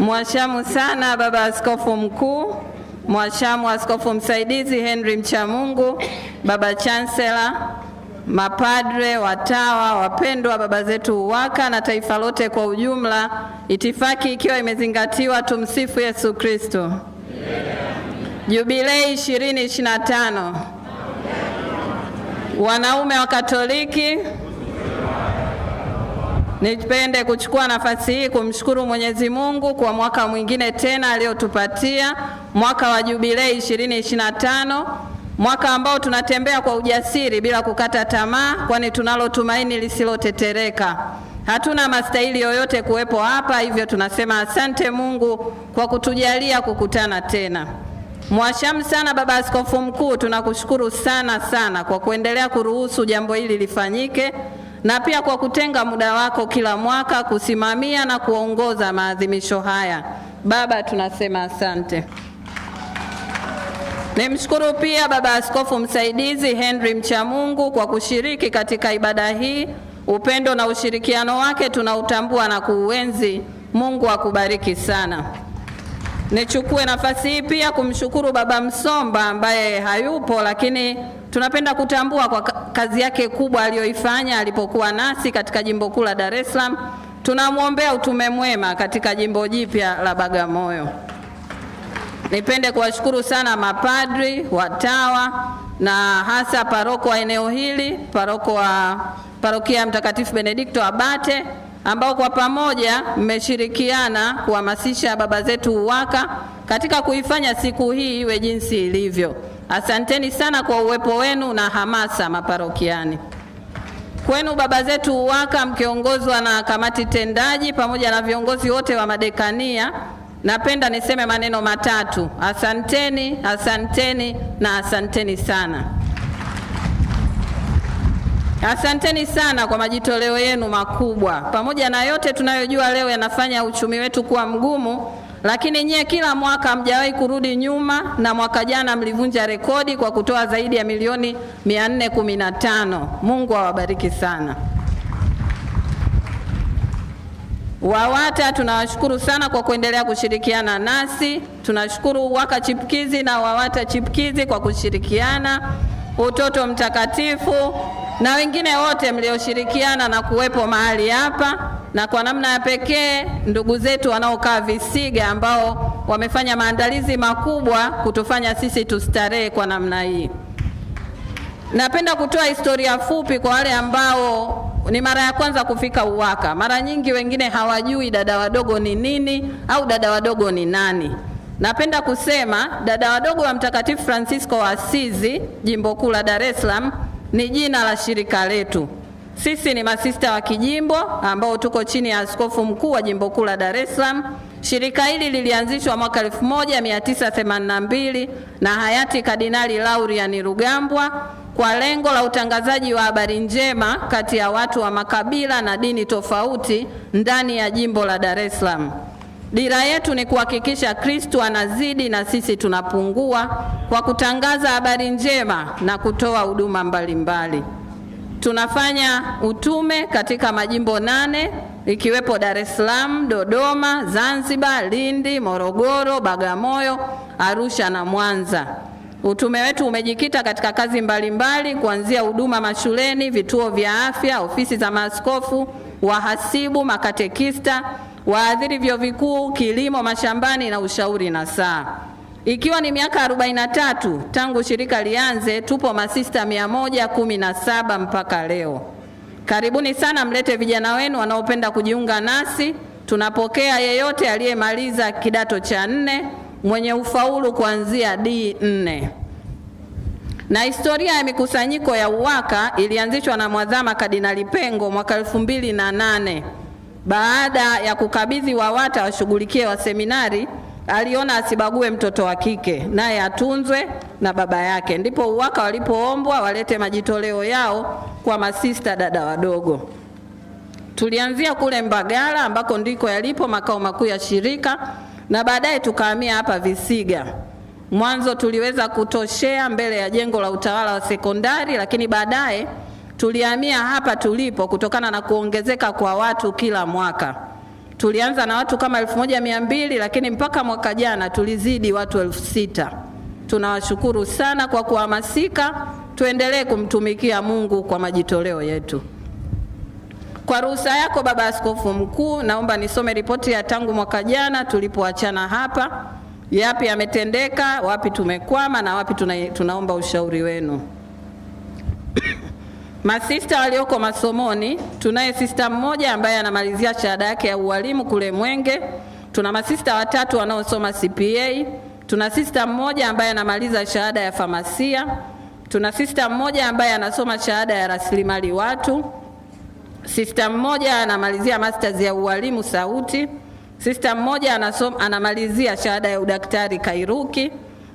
Mwashamu sana Baba Askofu Mkuu, mwashamu askofu msaidizi Henry Mchamungu, Baba Chancellor, mapadre, watawa, wapendwa baba zetu UWAKA na taifa lote kwa ujumla, itifaki ikiwa imezingatiwa. Tumsifu Yesu Kristo. Jubilei 2025 wanaume wa Katoliki Nipende kuchukua nafasi hii kumshukuru Mwenyezi Mungu kwa mwaka mwingine tena aliyotupatia, mwaka wa jubilei 2025, mwaka ambao tunatembea kwa ujasiri bila kukata tamaa, kwani tunalo tumaini lisilotetereka. Hatuna mastahili yoyote kuwepo hapa, hivyo tunasema asante Mungu kwa kutujalia kukutana tena. Mwashamu sana Baba Askofu Mkuu, tunakushukuru sana sana kwa kuendelea kuruhusu jambo hili lifanyike na pia kwa kutenga muda wako kila mwaka kusimamia na kuongoza maadhimisho haya. Baba, tunasema asante. Nimshukuru pia Baba Askofu Msaidizi Henry Mchamungu kwa kushiriki katika ibada hii. Upendo na ushirikiano wake tunautambua na kuuenzi. Mungu akubariki sana. Nichukue nafasi hii pia kumshukuru Baba Msomba ambaye hayupo lakini Tunapenda kutambua kwa kazi yake kubwa aliyoifanya alipokuwa nasi katika jimbo kuu la Dar es Salaam. Tunamwombea utume mwema katika jimbo jipya la Bagamoyo. Nipende kuwashukuru sana mapadri, watawa na hasa paroko wa eneo hili, paroko wa parokia Mtakatifu Benedikto Abate ambao kwa pamoja mmeshirikiana kuhamasisha baba zetu UWAKA katika kuifanya siku hii iwe jinsi ilivyo. Asanteni sana kwa uwepo wenu na hamasa maparokiani. Kwenu baba zetu UWAKA mkiongozwa na kamati tendaji pamoja na viongozi wote wa madekania, napenda niseme maneno matatu: asanteni, asanteni na asanteni sana. Asanteni sana kwa majitoleo yenu makubwa. Pamoja na yote tunayojua leo yanafanya uchumi wetu kuwa mgumu, lakini nyie kila mwaka mjawahi kurudi nyuma, na mwaka jana mlivunja rekodi kwa kutoa zaidi ya milioni 415. Mungu awabariki sana. WAWATA tunawashukuru sana kwa kuendelea kushirikiana nasi. Tunashukuru WAKA Chipkizi na WAWATA Chipkizi kwa kushirikiana, Utoto Mtakatifu na wengine wote mlioshirikiana na kuwepo mahali hapa na kwa namna ya pekee ndugu zetu wanaokaa Visiga ambao wamefanya maandalizi makubwa kutufanya sisi tustarehe kwa namna hii. Napenda kutoa historia fupi kwa wale ambao ni mara ya kwanza kufika UWAKA. Mara nyingi wengine hawajui dada wadogo ni nini au dada wadogo ni nani. Napenda kusema dada wadogo wa Mtakatifu Francisco wa Asizi, jimbo kuu la Dar es Salaam, ni jina la shirika letu. Sisi ni masista wa kijimbo ambao tuko chini ya askofu mkuu wa jimbo kuu la Dar es Salaam. Shirika hili lilianzishwa mwaka 1982 na hayati Kardinali Laurian Rugambwa kwa lengo la utangazaji wa habari njema kati ya watu wa makabila na dini tofauti ndani ya jimbo la Dar es Salaam. Dira yetu ni kuhakikisha Kristo anazidi na sisi tunapungua kwa kutangaza habari njema na kutoa huduma mbalimbali tunafanya utume katika majimbo nane ikiwepo Dar es Salaam, Dodoma, Zanzibar, Lindi, Morogoro, Bagamoyo, Arusha na Mwanza. Utume wetu umejikita katika kazi mbalimbali kuanzia huduma mashuleni, vituo vya afya, ofisi za maaskofu, wahasibu, makatekista, waadhiri vyuo vikuu, kilimo mashambani na ushauri na saa ikiwa ni miaka 43 tangu shirika lianze, tupo masista 117 mpaka leo. Karibuni sana, mlete vijana wenu wanaopenda kujiunga nasi. Tunapokea yeyote aliyemaliza kidato cha nne mwenye ufaulu kuanzia D4. Na historia ya mikusanyiko ya UWAKA ilianzishwa na Mwadhama Kardinali Pengo mwaka elfu mbili na nane baada ya kukabidhi WAWATA washughulikie wa seminari aliona asibague mtoto wa kike, naye atunzwe na baba yake. Ndipo UWAKA walipoombwa walete majitoleo yao kwa masista dada wadogo. Tulianzia kule Mbagala ambako ndiko yalipo makao makuu ya shirika na baadaye tukahamia hapa Visiga. Mwanzo tuliweza kutoshea mbele ya jengo la utawala wa sekondari, lakini baadaye tulihamia hapa tulipo kutokana na kuongezeka kwa watu kila mwaka. Tulianza na watu kama elfu moja mia mbili lakini mpaka mwaka jana tulizidi watu elfu sita. Tunawashukuru sana kwa kuhamasika, tuendelee kumtumikia Mungu kwa majitoleo yetu. Kwa ruhusa yako Baba Askofu Mkuu, naomba nisome ripoti ya tangu mwaka jana tulipoachana hapa, yapi yametendeka, wapi tumekwama na wapi tuna, tunaomba ushauri wenu Masista walioko masomoni, tunaye sista mmoja ambaye anamalizia shahada yake ya ualimu kule Mwenge. Tuna masista watatu wanaosoma CPA. Tuna sista mmoja ambaye anamaliza shahada ya famasia. Tuna sista mmoja ambaye anasoma shahada ya rasilimali watu. Sista mmoja anamalizia masters ya ualimu sauti. Sista mmoja anasoma, anamalizia shahada ya udaktari Kairuki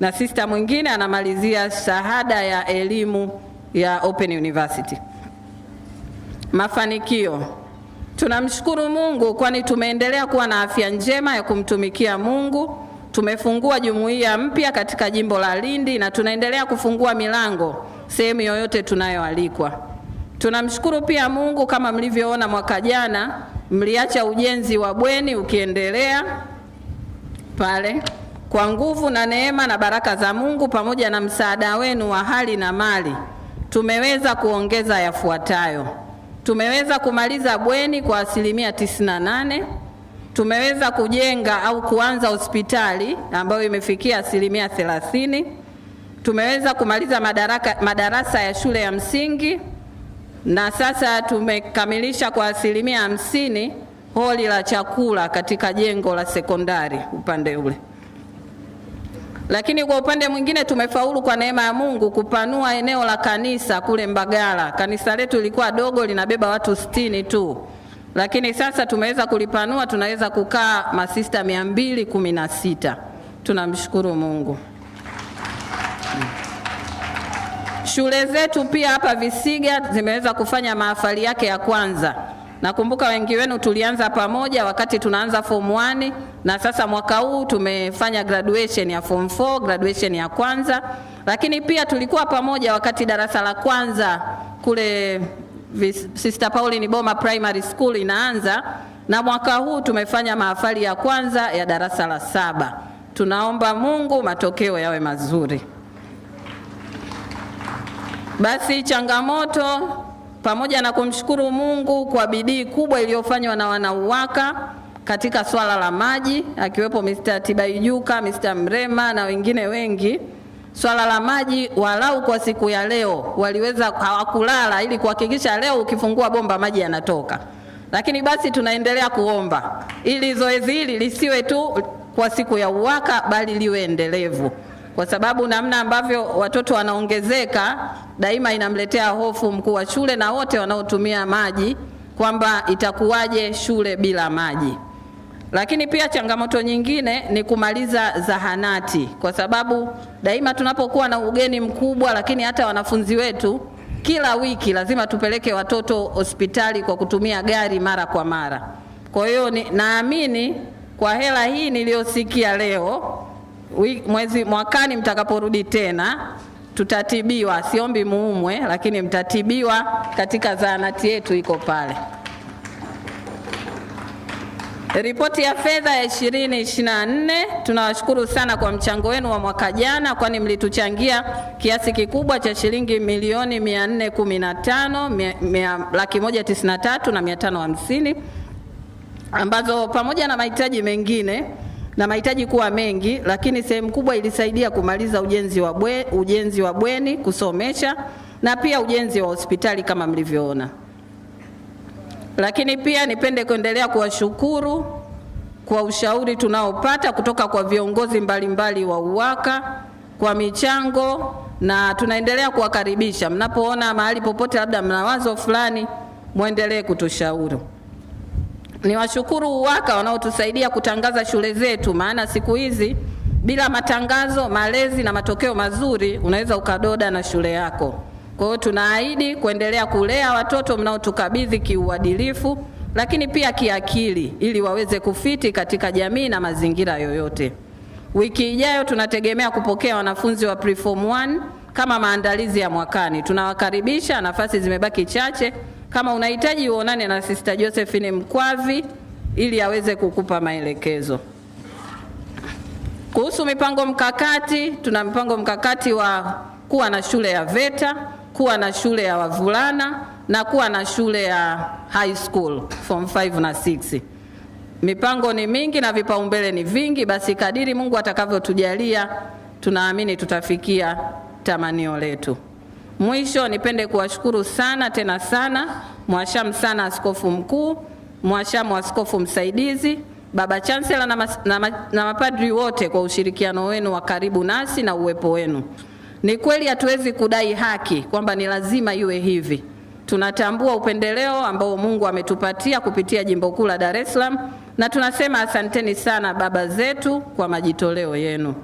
na sista mwingine anamalizia shahada ya elimu ya Open University. Mafanikio. Tunamshukuru Mungu kwani tumeendelea kuwa na afya njema ya kumtumikia Mungu. Tumefungua jumuiya mpya katika jimbo la Lindi na tunaendelea kufungua milango sehemu yoyote tunayoalikwa. Tunamshukuru pia Mungu, kama mlivyoona mwaka jana mliacha ujenzi wa bweni ukiendelea pale kwa nguvu na neema na baraka za Mungu pamoja na msaada wenu wa hali na mali tumeweza kuongeza yafuatayo: tumeweza kumaliza bweni kwa asilimia 98, tumeweza kujenga au kuanza hospitali ambayo imefikia asilimia 30, tumeweza kumaliza madaraka, madarasa ya shule ya msingi na sasa tumekamilisha kwa asilimia 50 holi la chakula katika jengo la sekondari upande ule. Lakini kwa upande mwingine tumefaulu kwa neema ya Mungu kupanua eneo la kanisa kule Mbagala. Kanisa letu lilikuwa dogo linabeba watu sitini tu, lakini sasa tumeweza kulipanua, tunaweza kukaa masista mia mbili kumi na sita. Tunamshukuru Mungu. Shule zetu pia hapa Visiga zimeweza kufanya mahafali yake ya kwanza Nakumbuka wengi wenu tulianza pamoja wakati tunaanza form 1 na sasa mwaka huu tumefanya graduation ya form 4, graduation ya kwanza, lakini pia tulikuwa pamoja wakati darasa la kwanza kule Sister Pauline Boma Primary School inaanza, na mwaka huu tumefanya mahafali ya kwanza ya darasa la saba. Tunaomba Mungu matokeo yawe mazuri. Basi changamoto pamoja na kumshukuru Mungu kwa bidii kubwa iliyofanywa na wanauwaka katika swala la maji, akiwepo Mr. Tibaijuka, Mr. Mrema na wengine wengi. Swala la maji walau kwa siku ya leo waliweza, hawakulala ili kuhakikisha leo ukifungua bomba maji yanatoka. Lakini basi tunaendelea kuomba ili zoezi hili lisiwe tu kwa siku ya UWAKA bali liwe endelevu kwa sababu namna ambavyo watoto wanaongezeka daima inamletea hofu mkuu wa shule na wote wanaotumia maji kwamba itakuwaje shule bila maji. Lakini pia changamoto nyingine ni kumaliza zahanati, kwa sababu daima tunapokuwa na ugeni mkubwa, lakini hata wanafunzi wetu kila wiki lazima tupeleke watoto hospitali kwa kutumia gari mara kwa mara. Kwa hiyo naamini kwa hela hii niliyosikia leo mwezi mwakani mtakaporudi tena tutatibiwa, siombi muumwe, lakini mtatibiwa katika zahanati yetu iko pale. Ripoti ya fedha ya 2024 tunawashukuru sana kwa mchango wenu wa mwaka jana, kwani mlituchangia kiasi kikubwa cha shilingi milioni 415 laki moja tisini na tatu na mia tano hamsini ambazo pamoja na mahitaji mengine na mahitaji kuwa mengi, lakini sehemu kubwa ilisaidia kumaliza ujenzi wa bwe, ujenzi wa bweni, kusomesha na pia ujenzi wa hospitali kama mlivyoona. Lakini pia nipende kuendelea kuwashukuru kwa ushauri tunaopata kutoka kwa viongozi mbalimbali mbali wa UWAKA kwa michango, na tunaendelea kuwakaribisha. Mnapoona mahali popote labda mna wazo fulani, mwendelee kutushauri. Niwashukuru UWAKA wanaotusaidia kutangaza shule zetu, maana siku hizi bila matangazo, malezi na matokeo mazuri unaweza ukadoda na shule yako. Kwa hiyo tunaahidi kuendelea kulea watoto mnaotukabidhi kiuadilifu, lakini pia kiakili, ili waweze kufiti katika jamii na mazingira yoyote. Wiki ijayo tunategemea kupokea wanafunzi wa preform 1 kama maandalizi ya mwakani. Tunawakaribisha, nafasi zimebaki chache. Kama unahitaji uonane na Sister Josephine Mkwavi ili aweze kukupa maelekezo kuhusu mipango mkakati. Tuna mpango mkakati wa kuwa na shule ya VETA, kuwa na shule ya wavulana na kuwa na shule ya high school form 5 na 6. Mipango ni mingi na vipaumbele ni vingi, basi kadiri Mungu atakavyotujalia tunaamini tutafikia tamanio letu. Mwisho nipende kuwashukuru sana tena sana mwashamu sana askofu mkuu, mwashamu askofu msaidizi, baba chansela na, mas, na, na mapadri wote kwa ushirikiano wenu wa karibu nasi na uwepo wenu. Ni kweli hatuwezi kudai haki kwamba ni lazima iwe hivi. Tunatambua upendeleo ambao Mungu ametupatia kupitia jimbo kuu la Dar es Salaam na tunasema asanteni sana baba zetu kwa majitoleo yenu.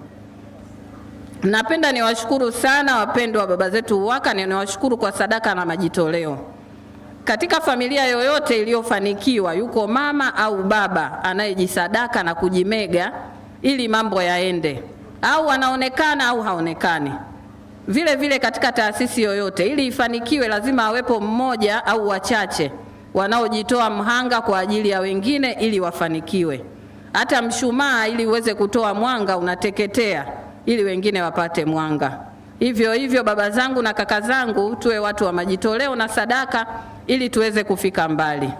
Napenda niwashukuru sana wapendwa wa baba zetu UWAKA, niwashukuru kwa sadaka na majitoleo. Katika familia yoyote iliyofanikiwa, yuko mama au baba anayejisadaka na kujimega ili mambo yaende, au anaonekana au haonekani. Vile vile katika taasisi yoyote, ili ifanikiwe, lazima awepo mmoja au wachache wanaojitoa mhanga kwa ajili ya wengine ili wafanikiwe. Hata mshumaa ili uweze kutoa mwanga unateketea ili wengine wapate mwanga. Hivyo hivyo, baba zangu na kaka zangu, tuwe watu wa majitoleo na sadaka ili tuweze kufika mbali.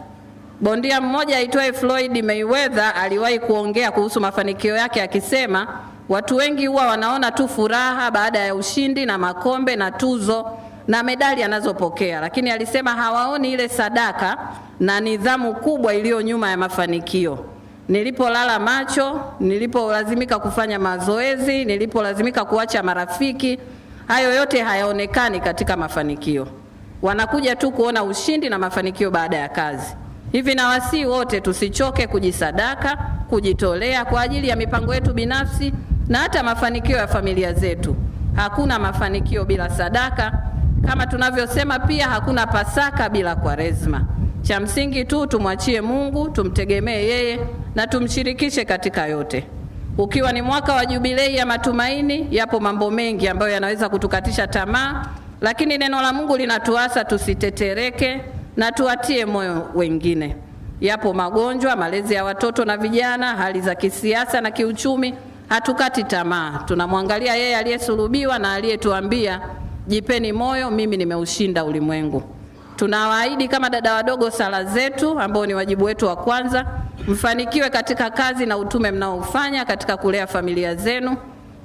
Bondia mmoja aitwaye Floyd Mayweather aliwahi kuongea kuhusu mafanikio yake akisema, watu wengi huwa wanaona tu furaha baada ya ushindi na makombe na tuzo na medali anazopokea, lakini alisema hawaoni ile sadaka na nidhamu kubwa iliyo nyuma ya mafanikio nilipolala macho, nilipolazimika kufanya mazoezi, nilipolazimika kuacha marafiki, hayo yote hayaonekani katika mafanikio. Wanakuja tu kuona ushindi na mafanikio baada ya kazi. Hivi na wote tusichoke kujisadaka, kujitolea kwa ajili ya mipango yetu binafsi na hata mafanikio ya familia zetu. Hakuna mafanikio bila sadaka, kama tunavyosema pia hakuna Pasaka bila Kwaresma. Cha msingi tu tumwachie Mungu, tumtegemee yeye na tumshirikishe katika yote. Ukiwa ni mwaka wa jubilei ya matumaini, yapo mambo mengi ambayo yanaweza kutukatisha tamaa, lakini neno la Mungu linatuasa tusitetereke na tuwatie moyo wengine. Yapo magonjwa, malezi ya watoto na vijana, hali za kisiasa na kiuchumi. Hatukati tamaa, tunamwangalia yeye aliyesulubiwa na aliyetuambia jipeni moyo, mimi nimeushinda ulimwengu. Tunawaahidi kama dada wadogo sala zetu, ambao ni wajibu wetu wa kwanza. Mfanikiwe katika kazi na utume mnaofanya katika kulea familia zenu,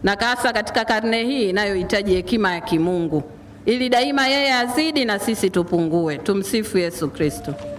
na hasa katika karne hii inayohitaji hekima ya kimungu, ili daima yeye azidi na sisi tupungue. Tumsifu Yesu Kristo.